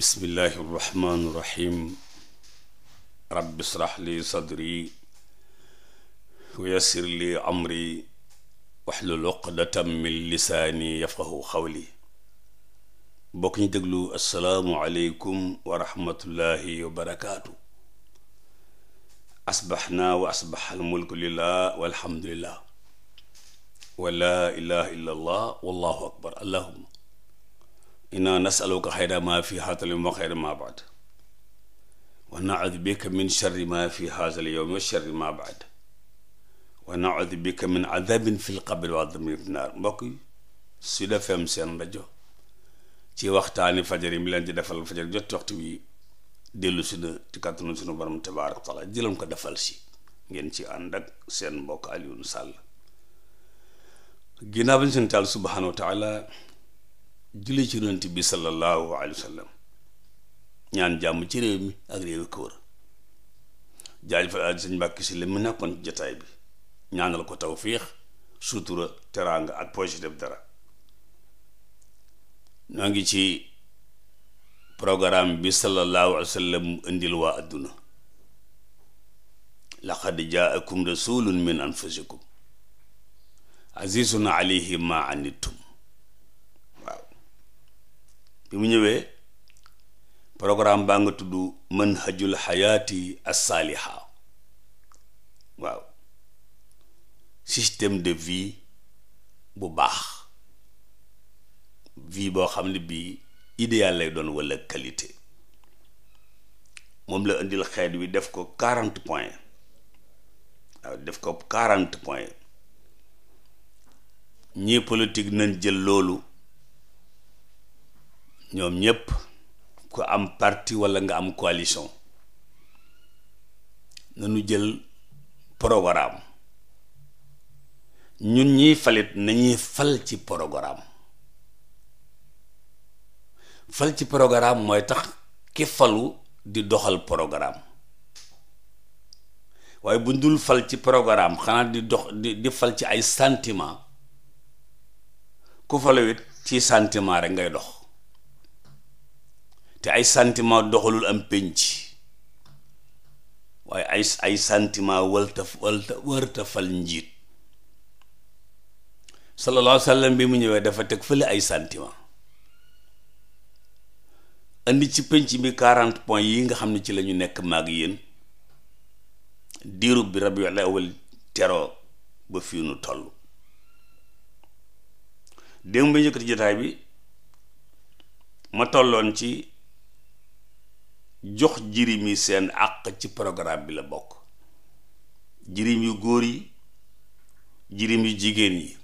bismillahi irrahmaani irrahim rabbi israh li sadri wa yassir li amri waxlul uqdatam min lisaani yafqahu xawli bokk ñu déglu assalaamu aleykum wa rahmatullahi wa barakaatu asbaxnaa wa asbax almulku lillah walhamdulillah wa laa ilaha illa allah wallahu akbar allahuma inna nasaluka xayra ma fi haadal yowm wa xayra ma baad wa naudu bika min sharri ma fi haadal yowm wa sharri ma baad wa naudu bika min adabin naar mbokk yi Sud seen rajo ci waxtaani fajar yi mi leen di defal fajar jot waxtu wi dellu si na ci kàttanu sunu borom tabaaraka taala jëlam ko defal si ngeen ci ànd seen mbokk Alioune Sall ginnaaw bi ñu seen taal subhaanahu wa taala julli ci yonent bi sallallahu alayhi wa ñaan jàmm ci réew mi ak réewi ko wër jaajëfal aaj sëñ Mbàkke si la mu nekkoon ci jataay bi ñaanal ko tawfiix sutura teraanga ak poche dara noo ngi ci programme bi sallallahu alayhi wa sallam indil waa adduna laqad jaakum rasulun min anfusikum azizun alayhi ma anittum bi mu ñëwee programme baa nga tudd manhajul xayaati assaaliha waaw système de vie bu baax vie boo xam ne bii idéal lay doon walla qualité moom la indil xeet wi def ko quarante points waaw def ko quarante points ñii politique nañ jël loolu ñoom ñépp ku am parti walla nga am coalition ñu jël programme ñun ñiy falit nañuy fal ci programme fal ci programme mooy tax ki falu di doxal programme waaye bu dul fal ci programme xanaa di dox di di fal ci ay santiment ku falu it ci sentiment rek ngay dox te ay sentiment doxalul am pénc waaye ay ay sentiment wërta fal njiit sallallahu alayhi wa bi mu ñëwee dafa teg fële ay sentiment indi ci pénc bi quarante points yi nga xam ne ci lañu nekk maag yéen diirub bi rabiul awal teroo ba fii nu toll démb bi njëkkati jotaay bi ma tolloon ci jox jirim yi seen àq ci programme bi la bokk jirim yu góor yi jirim yu jigéen yi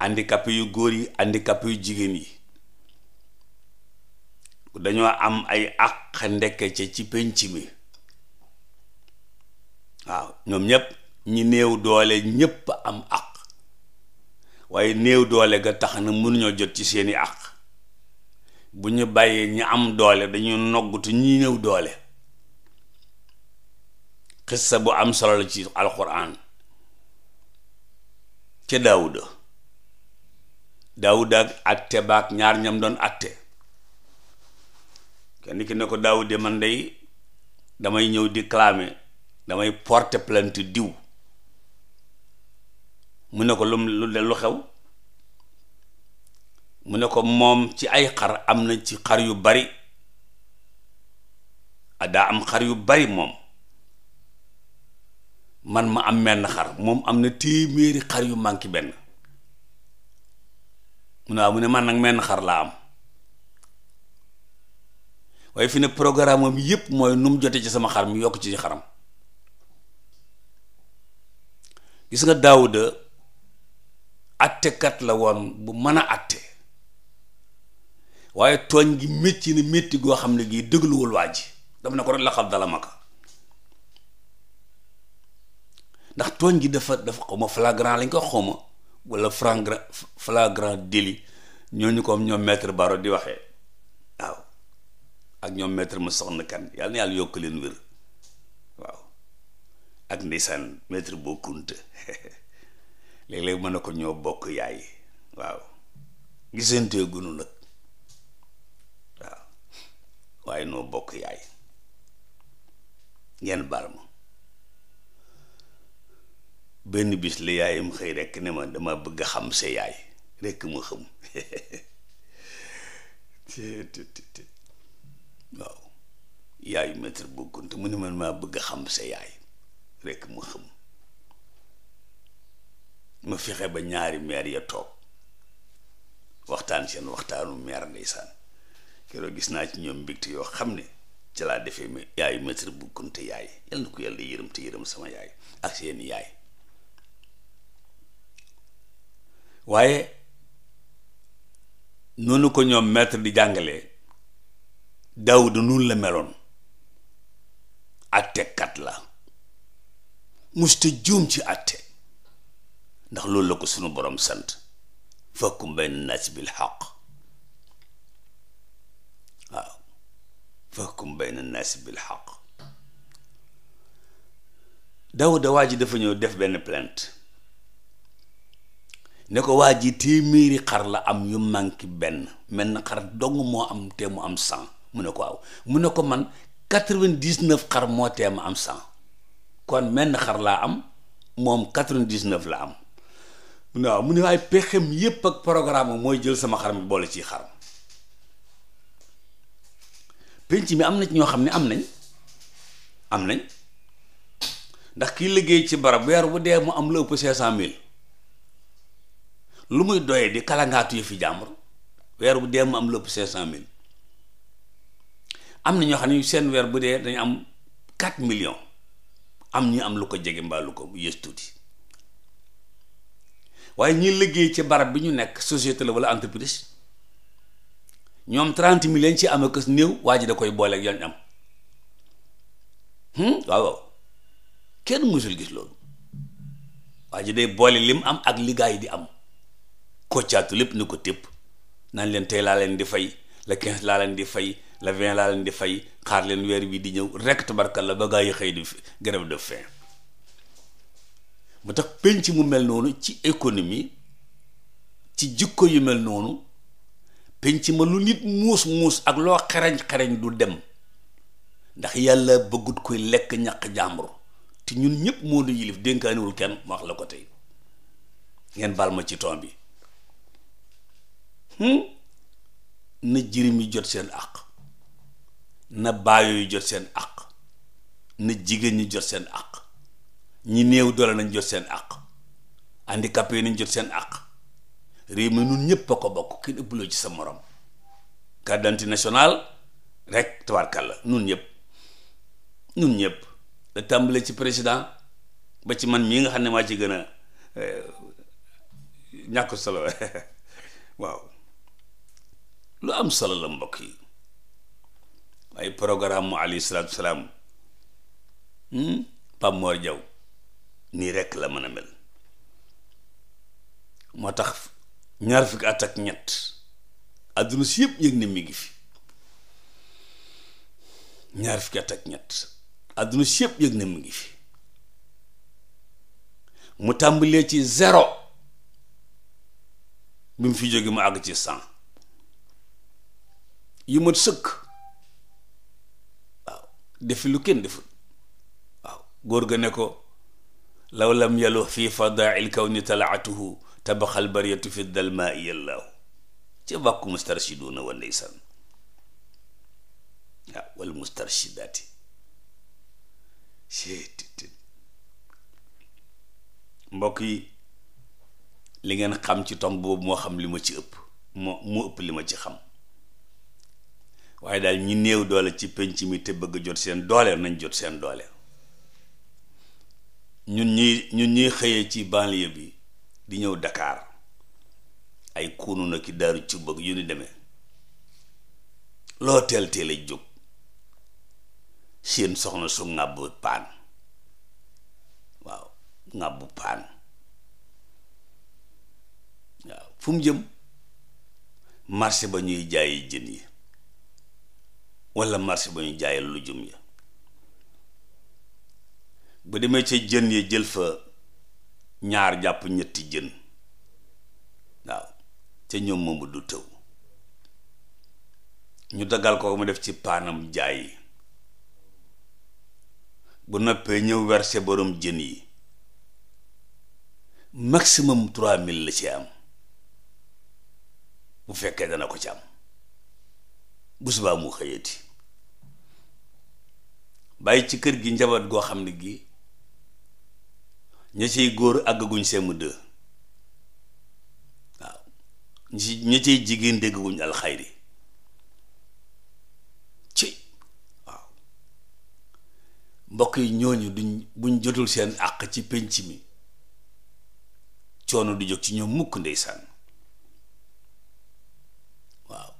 handicapé yu góor yi handicapé yu jigéen yi dañoo am ay àq ndekke ca ci penc mi waaw ñoom ñépp ñi néew doole ñépp am àq waaye néew doole ga tax na mënuñoo jot ci seeni àq bu ñu bàyyee ñi am doole dañu noggutu ñi ñëw doole xissa bu am solo la ci alquran ca daawuda daawuda ak atte baak ñaar ñam doon atte kenn ki ne ko daawude man day damay ñëw di clamer damay porter plainte diw mu ne ko lu lu xew mu ne ko moom ci ay xar am na ci xar yu bari daa am xar yu bari moom man ma am menn xar moom am na téeméeri xar yu manqué benn mu naa waaw mu ne man nag menn xar laa am waaye fi ne programme am yépp mooy nu mu jotee ci sama xar mi yokk ci xaram gis nga Daawuda attekat la woon bu mën a atte waaye tooñ gi métti na métti goo xam ne gii dégluwul waa ji dama na ko rek la xal dala maka ndax tooñ gi dafa dafa xaw ma flagrant lañ ko xaw ma wala flagrant flagrant délit ñooñu ko ñoom maître Baro di waxee waaw ak ñoom maître ma soxna kan yàlla na yàlla yokk leen wér waaw ak ndeysaan maître boo kunta léeg-léeg mën na ko ñoo bokk yaay waaw gisante gunu nag waaye noo bokk yaay ngeen baal ma benn bis la yaayam xëy rekk ne ma dama bëgg xam sa yaay rekk ma xam waaw yaayu bëgg xam sa yaay rekk ma fexe ba ñaari meer ya toog waxtaan seen waxtaanu meer ndeysaan keroog gis naa ci ñoom mbégte yoo xam ne ci laa defee yaayu maître bu kunte yaay yal na ko yàlla yërëm te yërëm sama yaay ak seen yaay waaye noonu ko ñoom maître di jàngalee Daawuda noonu la meloon àttekat la musta juum ci àtte ndax loolu la ko sunu borom sant fakkum bayna naas bil xaq fahkum bayna naasi bil xaq Daawuda waa ji dafa ñëw def benn plainte ne ko waa ji téeméeri xar la am yu manqué benn mel na xar dong moo am te mu am cent mu ne ko waaw mu ne ko man quatre-vingt-dix-neuf xar moo tee ma am cent kon menn xar laa am moom quatre-vingt-dix-neuf la am mu ne mu ne waaye pexem yépp ak programme mooy jël sama xar mi boole ci xar penc mi am na ci ñoo xam ne am nañ am nañ ndax kii liggéey ci barab weer bu dee mu am la ëpp cinq cent mille lu muy doyee di kalangaatu fi jàmbur weer bu dee mu am la ëpp cinq cent mille am na ñoo xam ne seen weer bu dee dañ am quatre million am ñu am lu ko jege mbaa lu ko yées tuuti waaye ñi liggéey ci barab bi ñu nekk société la walla entreprise ñoom 30 mille lañ ci am a ak néew waa ji da koy booleeg yoon am hmm? waaw waaw kenn mësul gis loolu waa ji day boole lim am ak liggaay di am koccaatu lépp ni ko tépp nañ leen tey laa leen di fay la 15 laa leen di fay la 20 laa leen di fay xaar leen weer wi di ñëw rekk tabarkalla ba gaa yi xëy di grève de faim mu tax penc mu mel noonu ci économie ci jikko yu mel noonu penc ma lu nit muus muus ak loo xereñ xereñ du dem ndax yàlla bëggut koy lekk ñaq jàmbur te ñun ñëpp moo nu yilif dénkaaniwul kenn ma wax la ko tey ngeen baal ma ci ton bi hmm? na jirim yi jot seen àq na baayo yi jot seen àq na jigéen ñi jot seen àq ñi néew doole nañ jot seen àq handicapé yi nañ jot seen àq réew mi nun ñëpp a ko bokk kenn ëppuloo ci sa morom carte d'identité nationale rek tabarkalla nun ñëpp nun ñëpp la tàmbale ci président ba ci man mii nga xam ne maa ci gën a eh, ñàkk solo waaw lu am solo la mbokk yi waaye programme mu alayhi salaatu salaam hmm? Pape Mor nii rekk la mën a mel moo tax ñaar fukki at ak ñett àdduna si yëpp yëg ne mi ngi fi ñaar fukki at ak ñett àdduna si yëpp yëg ne ngi fi mu tàmbalee ci zéro bi mu fi jóge mu àgg ci cent yu mat sëkk waaw defi lu kenn deful waaw góor ga ne ko law lam yalu fi fadail kawni talaatuhu tabaxal bariyatu fi dalma ci ca bàkku na wa ndeysaan waaw ah, wal mustarshidaati mbokk yi li ngeen xam ci tomb boobu moo xam li ma ci ëpp mu ëpp li ma ci xam waaye daal ñu néew doole ci penc mi te bëgg jot seen doole nañ jot seen doole ñun ñuy ñun ñuy xëyee ci banlieue bi di ñëw Dakar ay kunu na ki daaru cubb ak yu ni demee loo teel teel a jóg seen soxna su ŋàbbu paan waaw ŋàbbu paan waaw fu jëm marché ba ñuy jaayi jën yi walla marché ba ñuy jaayi lujum ya bu demee ca jën yi jël fa ñaar jàpp ñetti jën waaw te ñoom moomu du tëw ñu daggal ko mu def ci paanam jaay bu noppee ñëw werse borom jën yi maximum trois mille la ci am bu fekkee dana ko ci am bu subaa mu xëyati bàyyi ci kër gi njaboot goo xam ne gi ña ciy góor àggaguñ CM2 waaw ñi ci ña ciy jigéen déggaguñ alxayri ci waaw mbokk yi ñooñu duñ buñ jotul seen àq ci pénc mi coono du jóg ci ñoom mukk ndeysaan waaw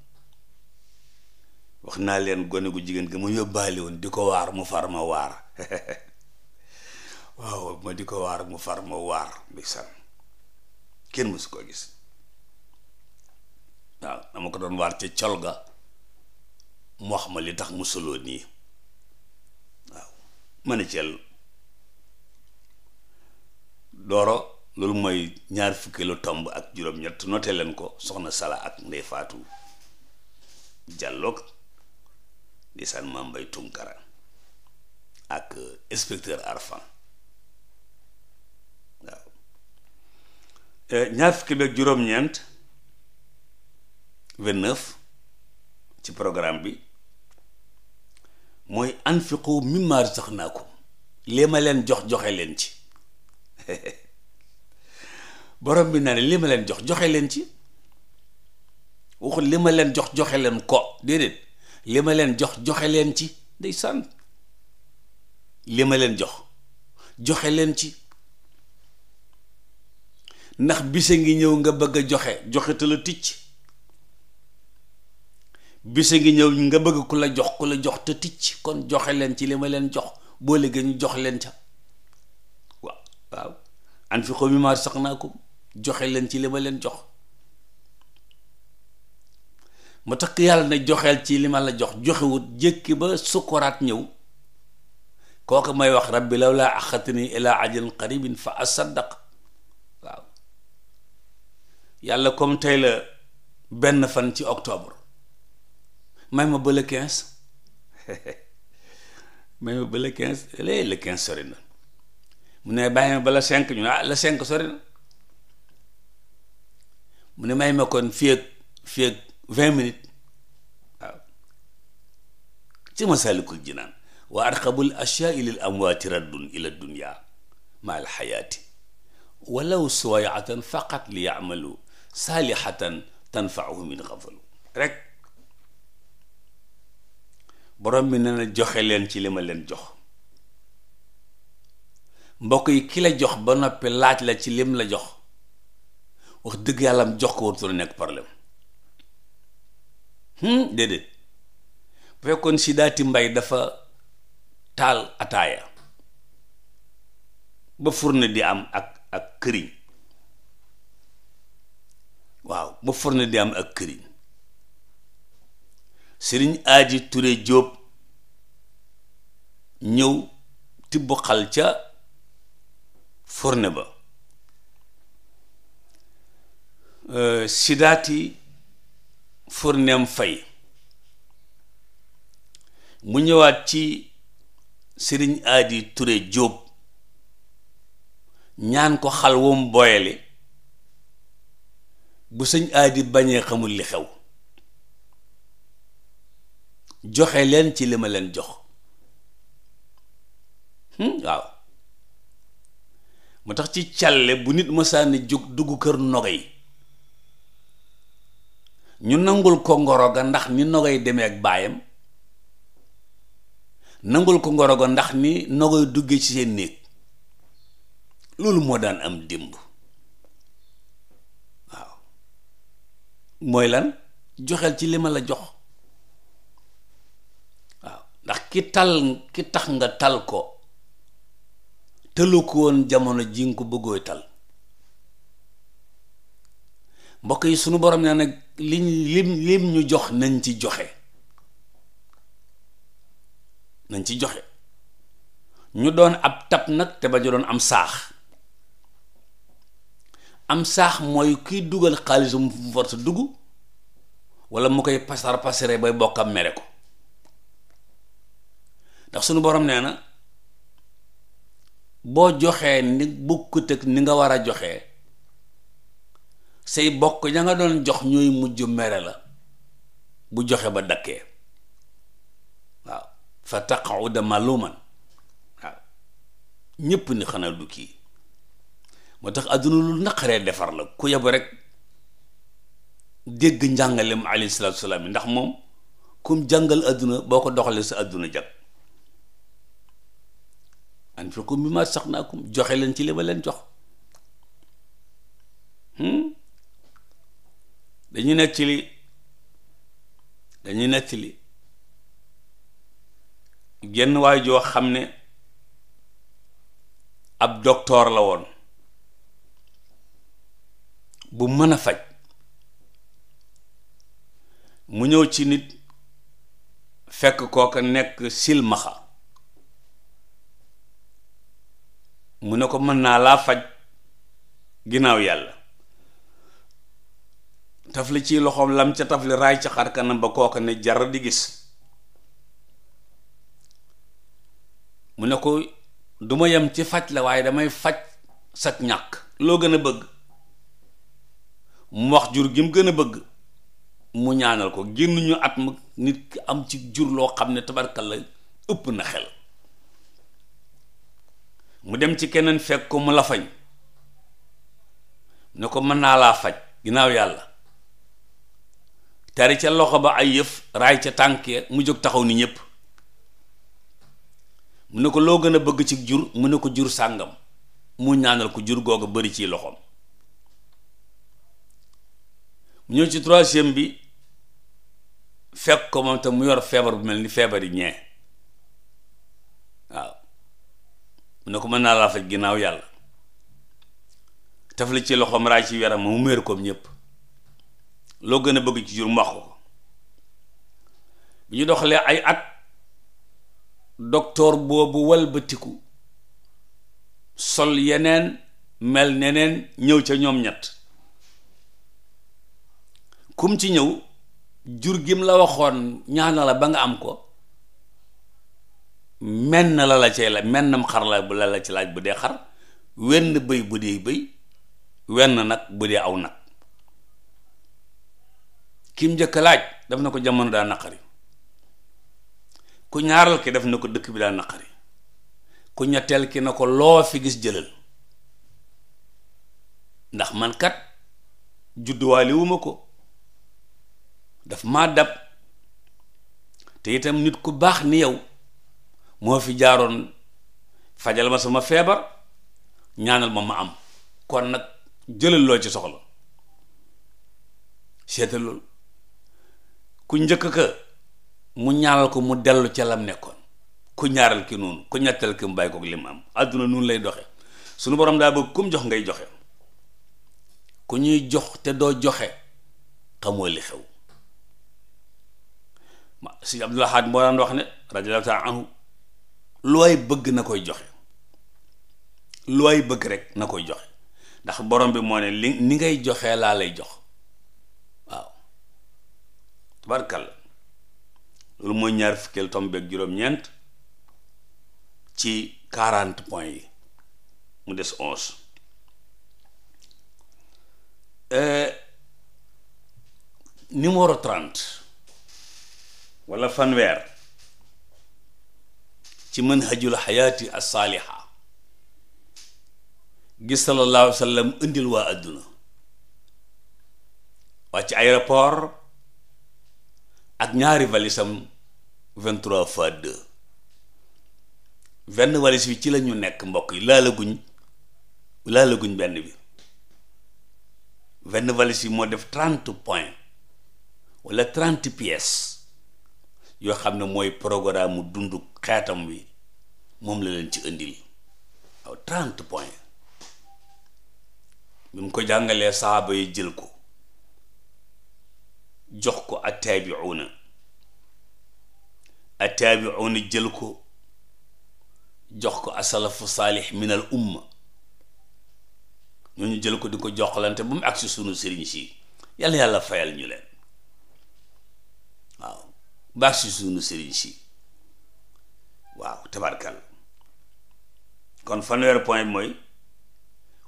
wax naa leen gone gu jigéen gi mu yóbbaale woon di ko waar mu far ma waar waaw ma di ko waar mu far ma waar ndeysaan kenn mësu ko gis waaw dama ko doon waar ca col ga mu wax ma li tax mu soloo nii waaw ma ne cel dooro loolu mooy ñaar fukki lu tomb ak juróom-ñett note leen ko soxna sala ak ndey faatu jàlloog di san maam mbay tunkara ak inspecteur arfan ñaar fukki beeg juróom-ñeent vingt ci programme bi mooy anfiqu mimma sax lii ma leen jox joxe leen ci borom bi naa ne lii ma leen jox joxe leen ci waxul li ma leen jox joxe leen ko déedéet li ma leen jox joxe leen ci day sant li ma leen jox joxe leen ci ndax bisa ngi ñëw nga bëgg a joxe joxe te la ticc bisa ngi ñëw nga bëgg ku la jox ku la jox te ticc kon joxe leen ci li ma leen jox boo léegi jox leen ca waaw waaw an ko joxe leen ci li ma leen jox ma takk yàlla na joxeel ci li ma la jox joxewut jékki ba sukkoraat ñëw kooku may wax rabbi law laa axatani ilaa ajalin qaribin fa asaddaq yàlla comme tey la benn fan ci octobre may ma ba le quinze may ma ba le quinze lée mu ne bàyyi ma ba la cinq ñu ne ah, la cinq sori na mu ne may ma kon fii ak vingt minutes waaw ci masaalikul jinaan wa arqabul ashyaa lil amwaati raddun ila dunya ma al xayaati walaw suwayatan faqat li yamalu saalihatan tanfaahu min xafalu rekk borom bi nee na joxe leen ci li ma leen jox mbokk yi ki la jox ba noppi laaj la ci lim la jox wax dëgg yàlla am jox ko wartu nekk problème déedéet bu fekkoon si mbay dafa taal ataaya ba furne di am ak ak këriñ waaw ba forne di am ak këriñ sëriñ aaji ture jóob ñëw tibb xal ca forne ba sidaati forneem fay mu ñëwaat ci sëriñ aaji ture jóob ñaan ko xal wom boyale bu sëñ aadi bañee xamul li xew joxe leen ci li ma leen jox hmm, waaw mu tax ci càlle bu nit mësaani jóg dugg kër nogo yi ñu nangul ko ngoro ndax ni nogo yi demee ak baayam nangul ko ngoro ga ndax ni nogo yi duggee ci seen néeg loolu moo daan am démb mooy lan joxel ci lima la jox waaw ndax ki tal ki tax nga tal ko tëlu ko woon jamono ji nga ko bëggooy tal mbokk yi sunu borom ne nag liñ lim lim ñu jox nañ ci joxe nañ ci joxe ñu doon ab tab nag te ba ñu doon am saax am saax mooy kiy dugal xaalisum force dugg wala mu koy pasar pasare bay bokkam mere ko ndax sunu borom nee na boo joxee ni bukkut ak ni nga war a joxee say bokk ña nga doon jox ñooy mujj mere la bu joxe ba dakkee waaw fa taqauda maluman waaw ñépp ni xanaa du kii moo tax àdduna lu naqaree defar la ku yabu rek dégg njàngale alayhi salaatu salaam yi ndax moom kum jàngal àdduna boo ko doxalee sa àdduna jag anfiqu mimmaa razaqnaakum joxe leen ci li ma leen jox hmm? dañuy nekk ci li dañuy nekk li genn waay joo xam ne ab docteur la woon bu mën a faj mu ñëw ci nit fekk kooka nekk silmaxa mu ne ko mën naa laa faj ginnaaw yàlla tafli ci loxoom lam ca tafli raay ca xar kanam ba kooka ne jar di gis mu ne ko duma yem ci faj la waaye damay faj sag ñàkk loo gën a bëgg mu wax jur gi mu gën a bëgg mu ñaanal ko génn ñu at ma nit ki am ci jur loo xam ne tabarkal la ëpp na xel mu dem ci keneen fekk ko mu la fañ ne ko mën naa laa faj ginnaaw yàlla tari ca loxo ba ay yëf raay ca tànk mu jóg taxaw ni ñépp mu ne ko loo gën a bëgg ci jur mu ne ko jur sàngam mu ñaanal ko jur googu bari ciy loxoom mu ñëw ci troisième bi fekk ko moom tam mu yor feebar bu mel ni feebar yi ñee waaw mu ne ko mën naa laa faj ginnaaw yàlla taf la ci loxoom raay ci yaram mu méer koom ñépp loo gën a bëgg ci jur mu wax ko bi ñu doxalee ay at docteur boobu walbatiku sol yeneen mel neneen ñëw ca ñoom ñett kum ci ñëw jur gim la waxoon ñaan la ba nga am ko menn la la cay la la ci laaj bu dee xar wenn bëy bu dee bëy wenn nag bu dee aw nag kim njëkk laaj daf na ko jamono daa naqari ku ñaaral ki def na ko dëkk bi daa naqari ku ñetteel ki na ko loo fi gis jëlal ndax man kat judduwaale ko daf maa dab te itam nit ku baax ni yow moo fi jaaroon fajal ma sama feebar ñaanal ma ma am kon nag jëlal loo ci soxla seetal ku njëkk ka mu ñaanal ko mu dellu ca lam nekkoon ku ñaaral ki noonu ku ñettal ki mu bàyyi ko li mu am àdduna noonu lay doxe suñu borom daa bëgg kum jox ngay joxe ku ñuy jox te doo joxe xamoo li xew si Abdul Ahad moo daan wax ne radiyallahu taala anhu looy bëgg na koy joxe looy bëgg rek na koy joxe ndax borom bi moo ne li ni ngay joxe laa lay jox waaw tabarkalla loolu mooy ñaar fukkeel tom beeg juróom-ñeent ci quarante point yi mu des onze euh, numéro trente wala fanweer ci manhajul xayaati as-saaliha gis sallallahu alayhi wa indil waa àdduna ci aéroport ak ñaari valisam 23 fois 2 venn valis bi ci lañu nekk mbokk yi laalaguñ laalaguñ benn bi venn valis bi moo def 30 points wala 30 pièces yoo xam ne mooy programme mu dundu xeetam wi moom la leen ci indil waaw trente point bi mu ko jàngalee saaba yi jël ko jox ko ak na attaabiuuna attaabiuuna jël ko jox ko asalafu saalix min al umma ñooñu jël ko di ko joxlante ba ak agsi sunu sëriñ si yàlla yàlla fayal ñu leen ba si suñu sëriñ si waaw tabarkal kon fanweer point mooy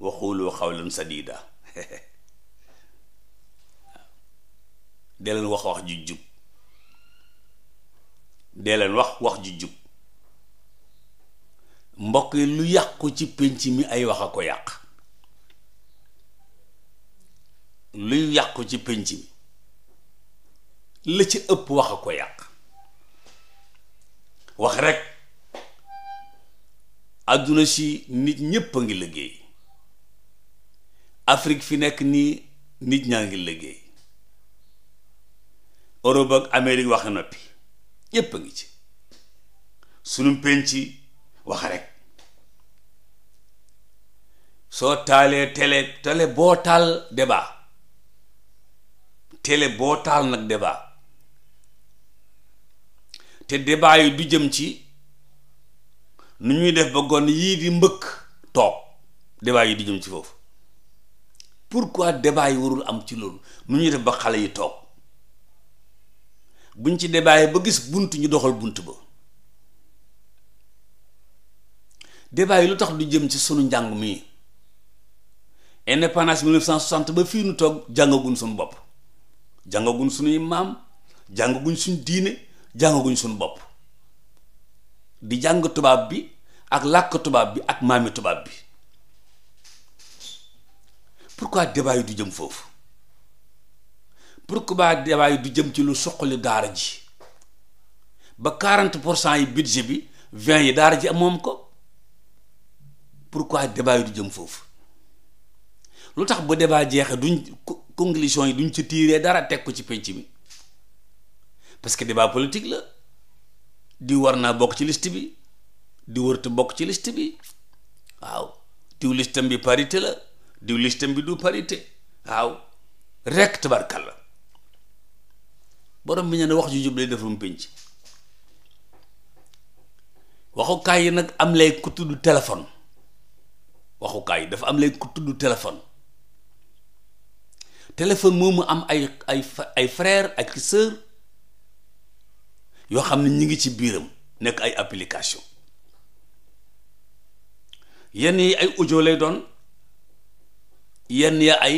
waxuuloo xawlan sadida dee leen wax wax ju jub dee leen wax wax ju jub mbokk yi lu yàqu ci pénc mi ay wax a ko yàq luy yàqu ci pénc mi la ci ëpp wax a ko yàq wax rek àdduna si nit ñépp a ngi liggéey Afrique fi nekk nii nit ñaa ngi liggéey Europe ak Amérique wax noppi ñépp a ngi ci sunu penc wax rek soo taalee télé tele boo taal débat télé boo taal nag débat te débat yi du jëm ci nu ñuy def ba gone yii di mbëkk toog débat yi du jëm ci foofu pourquoi débat yi warul am ci loolu nu ñuy def ba xale yi toog buñ ci débat ba gis bunt ñu doxal bunt ba débat yi lu tax du jëm ci sunu njàng mii indépendance 1960 ba fii nu toog jàngaguñ suñu bopp jàngaguñ suñuy maam jàngaguñ suñ diine jàngaguñ suñu bopp di jàng tubaab bi ak làkk tubaab bi ak maami tubaab bi pourquoi débat yi du jëm foofu pour débat yi du jëm ci lu suqali daara ji ba 40 pour cent yi budget bi 20 yi daar ji moom ko pour débat yi du jëm foofu lu tax bu debaa jeexee duñ conclusion yi duñ ci tiiree dara teg ko ci penc mi parce que débat politique la diw war naa bokk ci list bi diw wërta bokk ci list bi waaw diw listam bi parité la diw listam bi du parité waaw rek tabarkal la borom bi ña ne wax ju jub lay defum pénc waxukaay yi nag am lay ku tudd téléphone waxukaay yi dafa am lay ku tudd téléphone téléphone moomu am ay ay ay ak sœur yoo xam ne ñu ngi ci biiram nekk ay application yenn yi ay audio lay doon yenn ya ay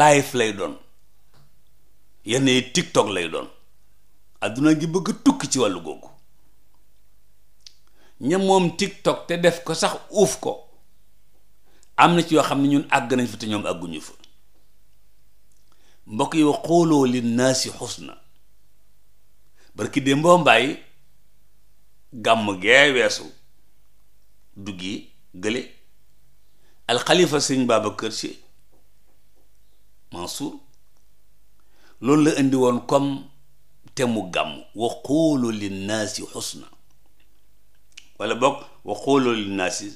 live lay doon yenn yi TikTok lay doon adduna gi bëgg tukki ci wàllu googu ña moom TikTok te def ko sax uuf ko am na ci yoo xam ne ñun àgg nañ fa te ñoom àgguñu fa mbokk yi xooloo li naasi xusna barki démboo mbaay gàmm gee weesu duggi gële alxalifa sëñ Babacar Sy Mansour loolu la indi woon comme te mu gàmm wa xuulu linnaasi xusna wala bokk wa xuulu linnaasi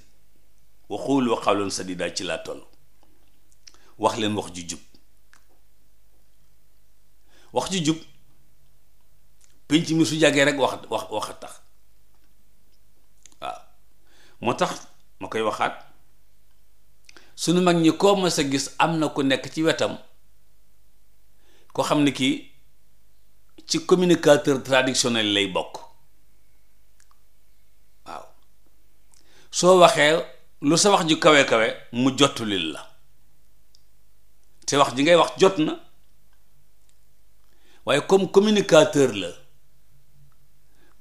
wa xuulu xawlan sadida ci laa toll wax leen wax ju wax ju penc mi su jàggee rek wax wax wax a tax waaw moo tax ma koy waxaat sunu mag ñi koo ma sa gis am na ku nekk ci wetam koo xam ne kii ci communicateur traditionnel lay bokk waaw soo waxee lu sa wax ju kawe kawe mu jotulil la te wax ji ngay wax jot na waaye comme communicateur la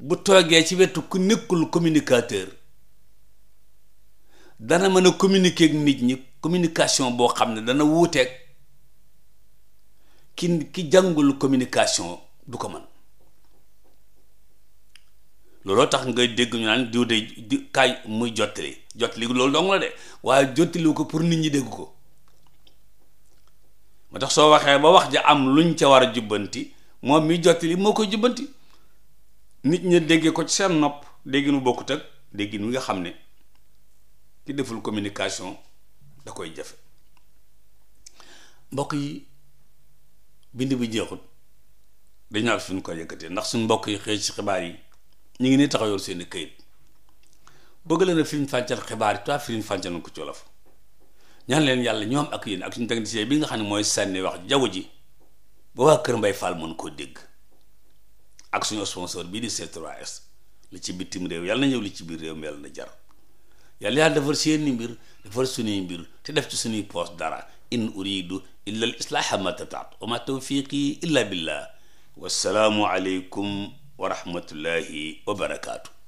bu toogee ci wetu ku nekkul communicateur dana mën a communiquer ak nit ñi communication boo xam ne dana wuuteeg ki ki jàngul communication du ko mën looloo tax ngay dégg ñu naan diw di kaay muy jottali jottali loolu dong la de waaye jottaliwu ko pour nit ñi dégg ko moo tax soo waxee ba wax ja am luñ ca war a jubbanti moom mi jottali moo koy jubbanti nit ñi déggee ko ci seen nopp déggin wu bokkut ak déggin wi nga xam ne ki deful communication da koy jafe mbokk yi bind bi jeexut dañu ak suñ koy yëkkatee ndax suñ mbokk yi xëy ci xibaar yi ñu ngi ne taxaw yor seeni këyit bëgg leen a firim fàncal xibaar yi toi firim fàncal na ko colof ñan leen yàlla ñoom ak yéen ak suñu technicien bi nga xam ne mooy sànni wax jaww ji ba waa Kër Mbay Fall mën koo dégg ak suñu sponsor bii di c 3 li ci bitim réew yàlla na ñëw li ci biir réew mi yàlla na jar yàlla yàlla defar seeni mbir defar suñuy mbir te def ci suñuy poos dara in uridu illa al islaaha ma tataatu wa ma tawfiqi illa billah wassalaamu aleykum wa rahmatullahi wa